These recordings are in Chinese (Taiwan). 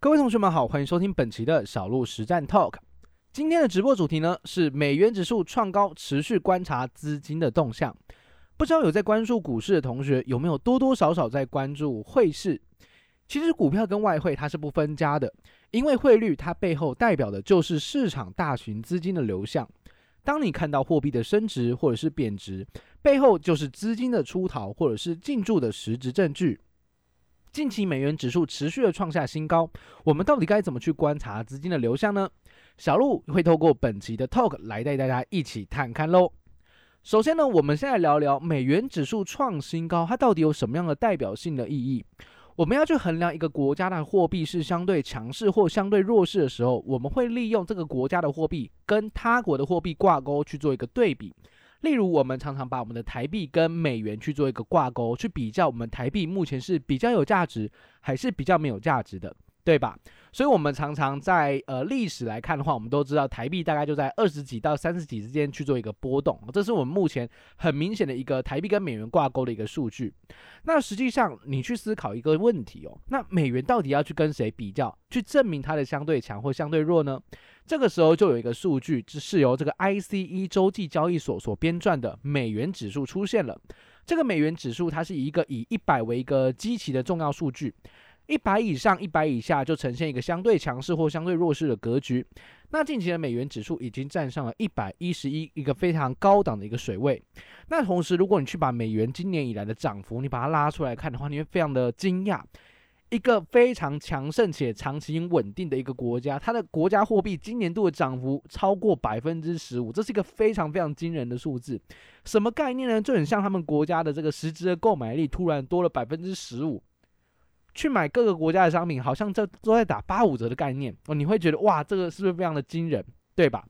各位同學們好，歡迎收聽本期的小路實戰 Talk。今天的直播主題呢是美元指數創高，持續觀察資金的動向。不知道有在關注股市的同學，有沒有多多少少在關注匯市？其實股票跟外匯它是不分家的，因為匯率它背後代表的就是市場大群資金的流向。當你看到貨幣的升值或者是貶值，背後就是資金的出逃或者是進駐的實質證據。近期美元指數持續的創下新高，我們到底該怎麼去觀察資金的流向呢？小路會透過本期的 talk 來帶大家一起探看嘍。首先呢，我們先來聊聊美元指數創新高，它到底有什麼樣的代表性的意義？我們要去衡量一個國家的貨幣是相對強勢或相對弱勢的時候，我們會利用這個國家的貨幣跟他國的貨幣掛鈎去做一個對比。例如，我們常常把我們的台幣跟美元去做一個掛鈎，去比較我們台幣目前是比較有價值，還是比較沒有價值的。對吧？所以，我們常常在呃歷史來看的話，我們都知道台幣大概就在二十幾到三十幾之間去做一個波動，這是我們目前很明顯的一個台幣跟美元掛鈎的一個數據。那實際上，你去思考一個問題哦，那美元到底要去跟誰比較，去證明它的相對強或相對弱呢？這個時候，就有一個數據，這是由這個 ICE 洲際交易所所編撰的美元指數出現了。這個美元指數，它是一個以一百為一個基期的重要數據。一百以上，一百以下就呈現一個相對強勢或相對弱勢的格局。那近期的美元指數已經站上了一百一十一，一個非常高檔的一個水位。那同時，如果你去把美元今年以來的漲幅，你把它拉出來看的話，你會非常的驚訝。一個非常強盛且長期穩定的一個國家，它的國家貨幣今年度的漲幅超過百分之十五，這是一個非常非常驚人的數字。什麼概念呢？就很像他們國家的這個實質的購買力突然多了百分之十五，去買各個國家的商品，好像這都在打八五折的概念哦，你會覺得哇，這個是不是非常的驚人，對吧？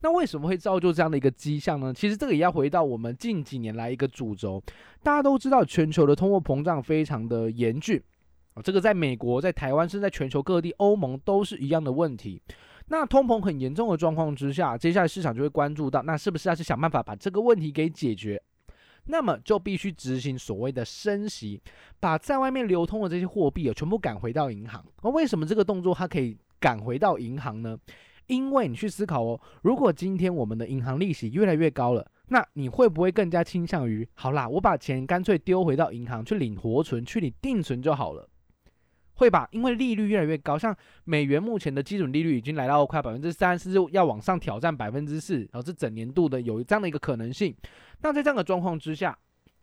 那為什麼會造就這樣的一個跡象呢？其實這個也要回到我們近幾年來一個主軸，大家都知道全球的通貨膨脹非常的嚴峻啊，這個在美國、在台灣，甚至在全球各地，歐盟都是一樣的問題。那通膨很嚴重的狀況之下，接下來市場就會關注到，那是不是要去想辦法把這個問題給解決？那麼就必須執行所謂的升息，把在外面流通的這些貨幣啊，全部趕回到銀行。而為什麼這個動作它可以趕回到銀行呢？因為你去思考哦，如果今天我們的銀行利息越來越高了，那你會不會更加傾向於，好啦，我把錢乾脆丟回到銀行，去領活存，去領定存就好了。會吧，因為利率越來越高，像美元目前的基準利率已經來到快百分之三，甚至要往上挑戰百分之四，然後這整年度的有這樣的一個可能性。那在這樣的狀況之下，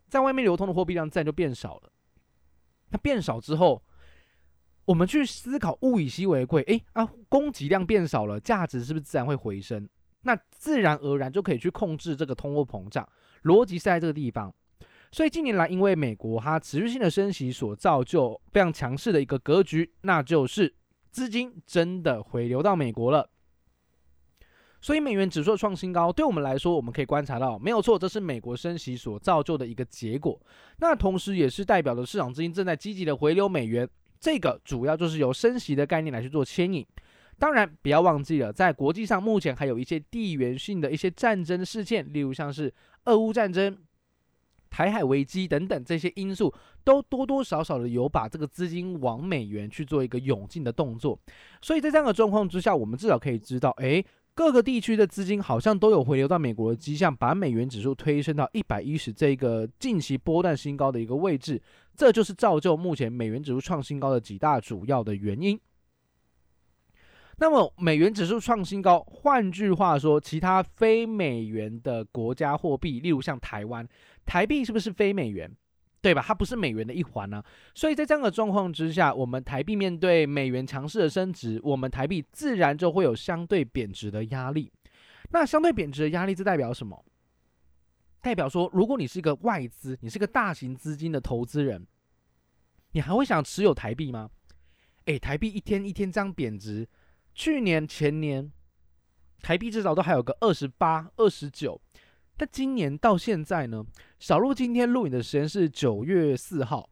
在外面流通的貨幣量自然就變少了。它變少之後，我們去思考物以稀為貴，誒，啊，供給量變少了，價值是不是自然會回升？那自然而然就可以去控制這個通貨膨脹。邏輯是在這個地方。所以近年來，因為美國它持續性的升息所造就非常強勢的一個格局，那就是資金真的回流到美國了。所以美元指數創新高，對我們來說，我們可以觀察到，沒有錯，這是美國升息所造就的一個結果。那同時，也是代表着市場資金正在積極的回流美元。這個主要就是由升息的概念來去做牽引。當然，不要忘記了，在國際上目前還有一些地緣性的一些戰爭事件，例如像是俄烏戰爭。台海危機等等這些因素，都多多少少的有把這個資金往美元去做一個湧進的動作，所以在這樣的狀況之下，我們至少可以知道，誒，各個地區的資金好像都有回流到美國的跡象，把美元指數推升到一百一十這個近期波段新高的一個位置，這就是造就目前美元指數創新高的幾大主要的原因。那麼美元指數創新高，換句話說，其他非美元的國家貨幣，例如像台灣。台幣是不是非美元，對吧？它不是美元的一環呢、啊，所以在這樣的狀況之下，我們台幣面對美元強勢的升值，我們台幣自然就會有相對貶值的壓力。那相對貶值的壓力，這代表什麼？代表說，如果你是一個外資，你是一個大型資金的投資人，你還會想持有台幣嗎？誒、哎，台幣一天一天這樣貶值，去年前年台幣至少都還有個二十八、二十九。但今年到現在呢，小路今天錄影的時間是九月四號，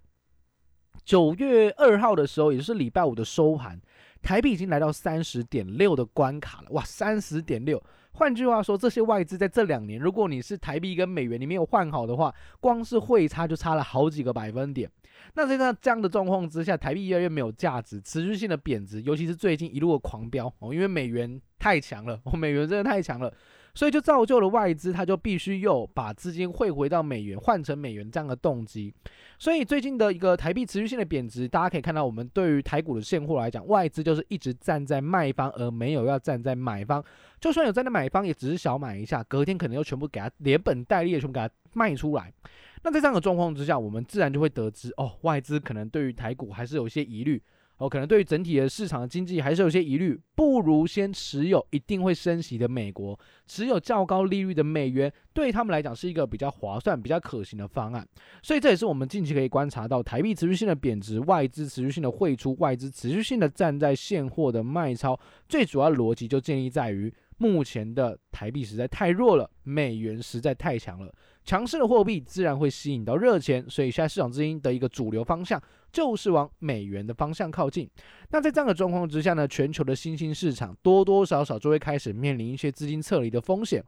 九月二號的時候，也就是禮拜五的收盤，台幣已經來到三十點六的關卡了，哇，三十點六，換句話說，這些外資在這兩年，如果你是台幣跟美元，你沒有換好的話，光是匯差就差了好幾個百分點。那現在這樣這樣的狀況之下，台幣越來越沒有價值，持續性的貶值，尤其是最近一路的狂飆哦，因為美元。太強了，哦，美元真的太強了，所以就造就了外資，它就必須又把資金匯回到美元，換成美元這樣的動機。所以最近的一個台幣持續性的貶值，大家可以看到，我們對於台股的現貨來講，外資就是一直站在賣方，而沒有要站在買方。就算有站在買方，也只是小買一下，隔天可能又全部給它連本帶利的全部給它賣出來。那在這樣的狀況之下，我們自然就會得知，哦，外資可能對於台股還是有一些疑慮。哦，可能對於整體的市場的經濟還是有些疑慮，不如先持有一定會升息的美國，持有較高利率的美元，對於他們來講是一個比較划算、比較可行的方案。所以這也是我們近期可以觀察到台幣持續性的貶值，外資持續性的匯出，外資持續性的站在現貨的賣超，最主要的邏輯就建立在於。目前的台幣實在太弱了，美元實在太強了。強勢的貨幣自然會吸引到熱錢，所以現在市場資金的一個主流方向就是往美元的方向靠近。那在這樣的狀況之下呢，全球的新興市場多多少少就會開始面臨一些資金撤離的風險。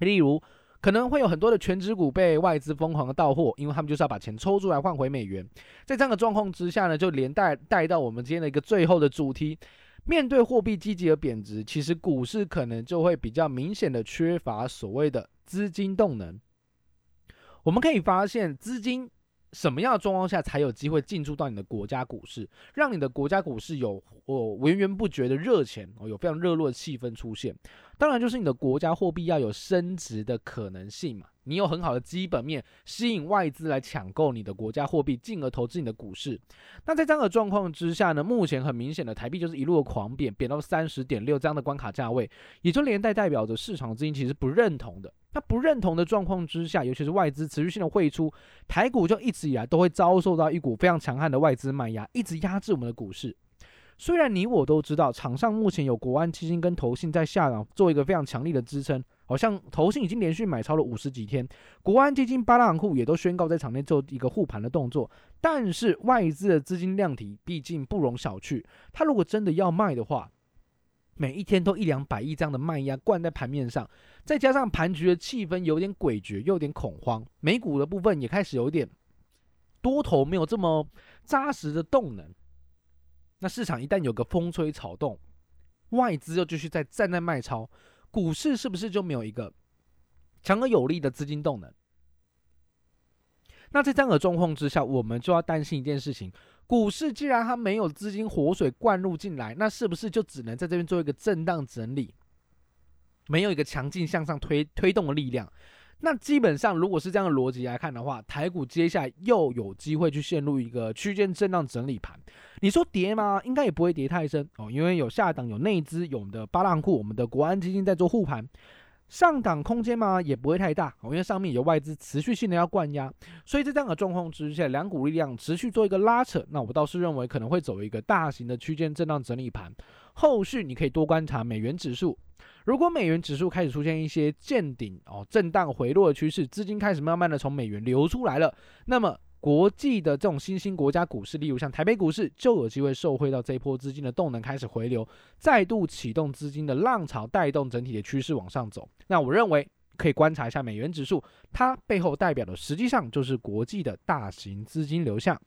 例如，可能會有很多的權值股被外資瘋狂的倒貨，因為他們就是要把錢抽出來換回美元。在這樣的狀況之下呢，就連帶帶到我們今天的一個最後的主題。面對貨幣積極的貶值，其實股市可能就會比較明顯的缺乏所謂的資金動能。我們可以發現，資金什麼樣的狀況下才有機會進駐到你的國家股市，讓你的國家股市有哦源源不絕的熱錢哦，有非常熱絡的氣氛出現？當然，就是你的國家貨幣要有升值的可能性嘛。你有很好的基本面，吸引外資來搶購你的國家貨幣，進而投資你的股市。那在這樣的狀況之下呢，目前很明顯的台幣就是一路的狂貶，貶到三十點六這樣的關卡價位，也就連帶代表着市場資金其實不認同的。那不認同的狀況之下，尤其是外資持續性的匯出，台股就一直以來都會遭受到一股非常強悍的外資賣壓，一直壓制我們的股市。雖然你我都知道，場上目前有國安基金跟投信在下場，做一個非常強力的支撐。好像投信已經連續買超了五十幾天，國安基金、八大行庫也都宣告在場內做一個護盤的動作。但是外資的資金量體畢竟不容小覷，它如果真的要賣的話，每一天都一兩百億這樣的賣壓灌在盤面上，再加上盤局的氣氛有點詭譎，又有點恐慌，美股的部分也開始有點多頭沒有這麼扎實的動能。那市場一旦有個風吹草動，外資又繼續在站在賣超，股市是不是就沒有一個強而有力的資金動能？那在這樣的狀況之下，我們就要擔心一件事情：股市既然它沒有資金活水灌入進來，那是不是就只能在這邊做一個震盪整理，沒有一個強勁向上推推動的力量？那基本上，如果是這樣的邏輯來看的話，台股接下來又有機會去陷入一個區間震盪整理盤。你說跌嗎？應該也不會跌太深哦，因為有下檔有內資，有我們的八大行庫，我們的國安基金在做護盤。上檔空間嘛，也不會太大哦，因為上面有外資持續性的要灌壓。所以在這樣的狀況之下，兩股力量持續做一個拉扯，那我倒是認為可能會走一個大型的區間震盪整理盤。後續你可以多觀察美元指數。如果美元指數開始出現一些見頂哦，震盪回落的趨勢，資金開始慢慢的從美元流出來了，那麼國際的這種新興國家股市，例如像台北股市，就有機會受惠到這一波資金的動能開始回流，再度啟動資金的浪潮，帶動整體的趨勢往上走。那我認為可以觀察一下美元指數，它背後代表的實際上就是國際的大型資金流向。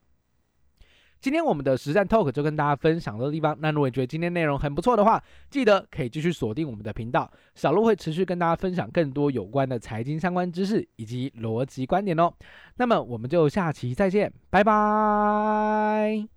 今天我們的實戰 talk 就跟大家分享到這地方。那如果你覺得今天內容很不錯的話，記得可以繼續鎖定我們的頻道，小路會持續跟大家分享更多有關的財經相關知識以及邏輯觀點哦。那麼我們就下期再見，拜拜。